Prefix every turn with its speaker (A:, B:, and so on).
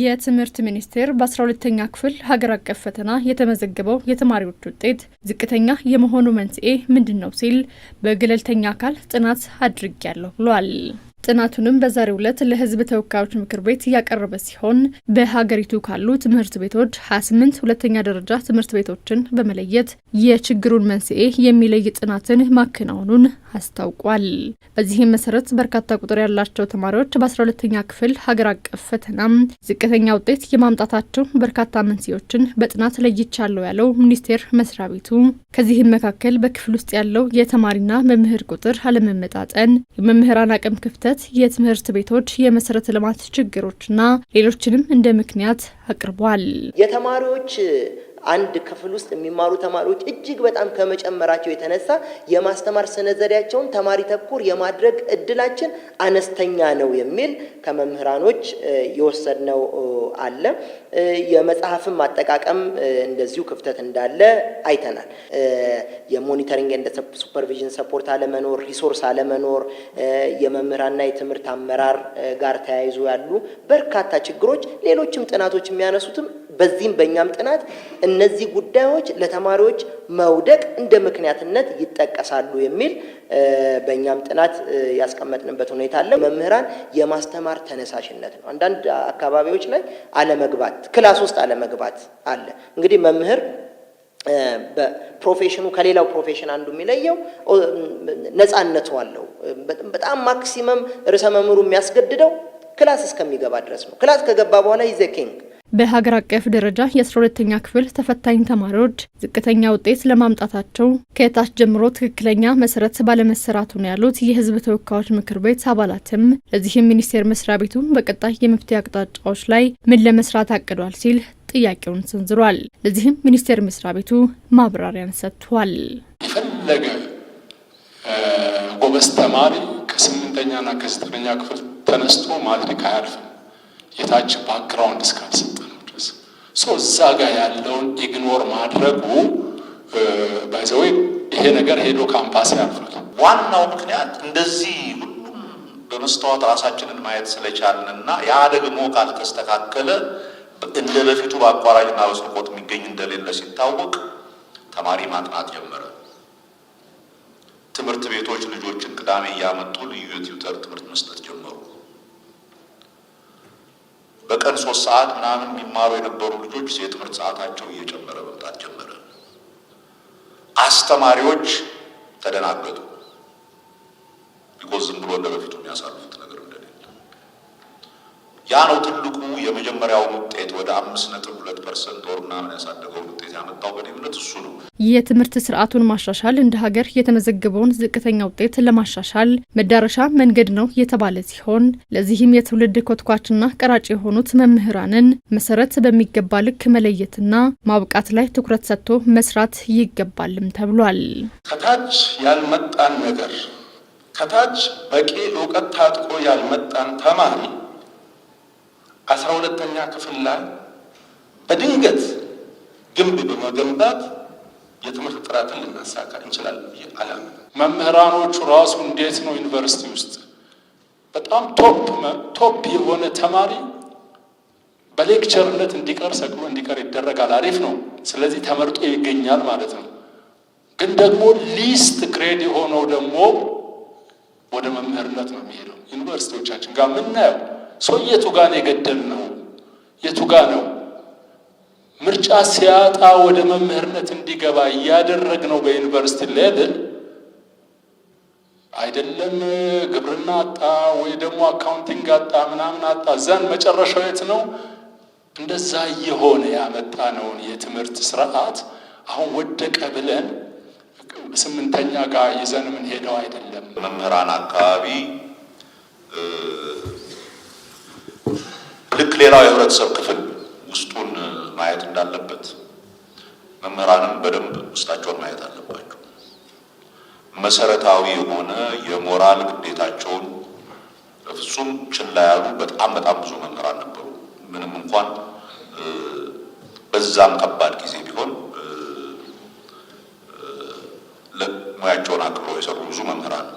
A: የትምህርት ሚኒስቴር በ12ተኛ ክፍል ሀገር አቀፍ ፈተና የተመዘገበው የተማሪዎች ውጤት ዝቅተኛ የመሆኑ መንስኤ ምንድን ነው ሲል በገለልተኛ አካል ጥናት አድርጊያለሁ ብሏል። ጥናቱንም በዛሬው ዕለት ለህዝብ ተወካዮች ምክር ቤት እያቀረበ ሲሆን በሀገሪቱ ካሉ ትምህርት ቤቶች 28 ሁለተኛ ደረጃ ትምህርት ቤቶችን በመለየት የችግሩን መንስኤ የሚለይ ጥናትን ማከናወኑን አስታውቋል። በዚህም መሰረት በርካታ ቁጥር ያላቸው ተማሪዎች በ12ኛ ክፍል ሀገር አቀፍ ፈተናም ዝቅተኛ ውጤት የማምጣታቸው በርካታ መንስኤዎችን በጥናት ለይቻለሁ ያለው ሚኒስቴር መስሪያ ቤቱ ከዚህም መካከል በክፍል ውስጥ ያለው የተማሪና መምህር ቁጥር አለመመጣጠን፣ የመምህራን አቅም ክፍተት እጥረት፣ የትምህርት ቤቶች የመሰረተ ልማት ችግሮችና ሌሎችንም እንደ ምክንያት አቅርቧል።
B: የተማሪዎች አንድ ክፍል ውስጥ የሚማሩ ተማሪዎች እጅግ በጣም ከመጨመራቸው የተነሳ የማስተማር ስነ ዘዴያቸውን ተማሪ ተኮር የማድረግ እድላችን አነስተኛ ነው የሚል ከመምህራኖች የወሰድነው አለ። የመጽሐፍም አጠቃቀም እንደዚሁ ክፍተት እንዳለ አይተናል። የሞኒተሪንግ እንደ ሱፐርቪዥን ሰፖርት አለመኖር፣ ሪሶርስ አለመኖር፣ የመምህራንና የትምህርት አመራር ጋር ተያይዞ ያሉ በርካታ ችግሮች ሌሎችም ጥናቶች የሚያነሱትም በዚህም በእኛም ጥናት እነዚህ ጉዳዮች ለተማሪዎች መውደቅ እንደ ምክንያትነት ይጠቀሳሉ የሚል በእኛም ጥናት ያስቀመጥንበት ሁኔታ አለ። መምህራን የማስተማር ተነሳሽነት ነው። አንዳንድ አካባቢዎች ላይ አለመግባት፣ ክላስ ውስጥ አለመግባት አለ። እንግዲህ መምህር በፕሮፌሽኑ ከሌላው ፕሮፌሽን አንዱ የሚለየው ነፃነቱ አለው። በጣም ማክሲመም ርዕሰ መምህሩ የሚያስገድደው ክላስ እስከሚገባ ድረስ ነው። ክላስ ከገባ በኋላ ይዘ ኪንግ
A: በሀገር አቀፍ ደረጃ የ12ተኛ ክፍል ተፈታኝ ተማሪዎች ዝቅተኛ ውጤት ለማምጣታቸው ከታች ጀምሮ ትክክለኛ መሰረት ባለመሰራቱ ነው ያሉት የህዝብ ተወካዮች ምክር ቤት አባላትም ለዚህም ሚኒስቴር መስሪያ ቤቱ በቀጣይ የመፍትሄ አቅጣጫዎች ላይ ምን ለመስራት አቅዷል ሲል ጥያቄውን ሰንዝሯል። ለዚህም ሚኒስቴር መስሪያ ቤቱ ማብራሪያን ሰጥቷል።
C: የፈለገ ጎበዝ ተማሪ ከስምንተኛና ከዘጠነኛ ክፍል ተነስቶ ማትሪክ አያልፍም የታች ባክግራውንድ እስካልሰጠ ሰው እዛ ጋር ያለውን ኢግኖር ማድረጉ ባይዘዌ ይሄ ነገር ሄዶ ካምፓስ ያልፋል። ዋናው ምክንያት እንደዚህ ሁሉም በመስታወት ራሳችንን ማየት ስለቻልንና ያ ደግሞ ካልተስተካከለ እንደ በፊቱ በአቋራጭና በስርቆት የሚገኝ እንደሌለ ሲታወቅ ተማሪ ማጥናት ጀመረ። ትምህርት ቤቶች ልጆችን ቅዳሜ እያመጡ ልዩ ቲዩተር ትምህርት መስጠት ጀመሩ። በቀን ሶስት ሰዓት ምናምን የሚማሩ የነበሩ ልጆች የትምህርት ሰዓታቸው እየጨመረ መምጣት ጀመረ። አስተማሪዎች ተደናገጡ። ቢኮዝ ዝም ብሎ እንደ በፊቱ የሚያሳልፉት ያ ነው ትልቁ የመጀመሪያው ውጤት ወደ አምስት ነጥብ ሁለት ፐርሰንት ወር ምናምን ያሳደገውን ውጤት ያመጣው በእኔ እምነት እሱ ነው።
A: የትምህርት ስርዓቱን ማሻሻል እንደ ሀገር የተመዘገበውን ዝቅተኛ ውጤት ለማሻሻል መዳረሻ መንገድ ነው የተባለ ሲሆን ለዚህም የትውልድ ኮትኳችና ቀራጭ የሆኑት መምህራንን መሰረት በሚገባ ልክ መለየትና ማብቃት ላይ ትኩረት ሰጥቶ መስራት ይገባልም ተብሏል።
C: ከታች ያልመጣን ነገር ከታች በቂ እውቀት ታጥቆ ያልመጣን ተማሪ አስራ ሁለተኛ ክፍል ላይ በድንገት ግንብ በመገንባት የትምህርት ጥራትን ልናሳካ እንችላለን ብዬ አላም። መምህራኖቹ ራሱ እንዴት ነው ዩኒቨርሲቲ ውስጥ በጣም ቶፕ የሆነ ተማሪ በሌክቸርነት እንዲቀር ሰቅሎ እንዲቀር ይደረጋል። አሪፍ ነው። ስለዚህ ተመርጦ ይገኛል ማለት ነው። ግን ደግሞ ሊስት ግሬድ የሆነው ደግሞ ወደ መምህርነት ነው የሚሄደው ዩኒቨርሲቲዎቻችን ጋር የምናየው ሰው የቱጋ ነው የገደል ነው የቱጋ ነው ምርጫ ሲያጣ ወደ መምህርነት እንዲገባ ነው በዩኒቨርሲቲ ሌቭል አይደለም ግብርና አጣ ወይ ደግሞ አካውንቲንግ አጣ ምናምን አጣ እዛን መጨረሻው የት ነው እንደዛ እየሆነ ያመጣነውን የትምህርት ስርዓት አሁን ወደቀ ብለን ስምንተኛ ጋር ይዘን የምንሄደው አይደለም መምህራን አካባቢ ሌላው የህብረተሰብ ክፍል ውስጡን ማየት እንዳለበት መምህራንም በደንብ ውስጣቸውን ማየት አለባቸው። መሰረታዊ የሆነ የሞራል ግዴታቸውን በፍጹም ችላ ያሉ በጣም በጣም ብዙ መምህራን ነበሩ። ምንም እንኳን በዛም ከባድ ጊዜ ቢሆን ሙያቸውን አክብረው የሰሩ ብዙ መምህራን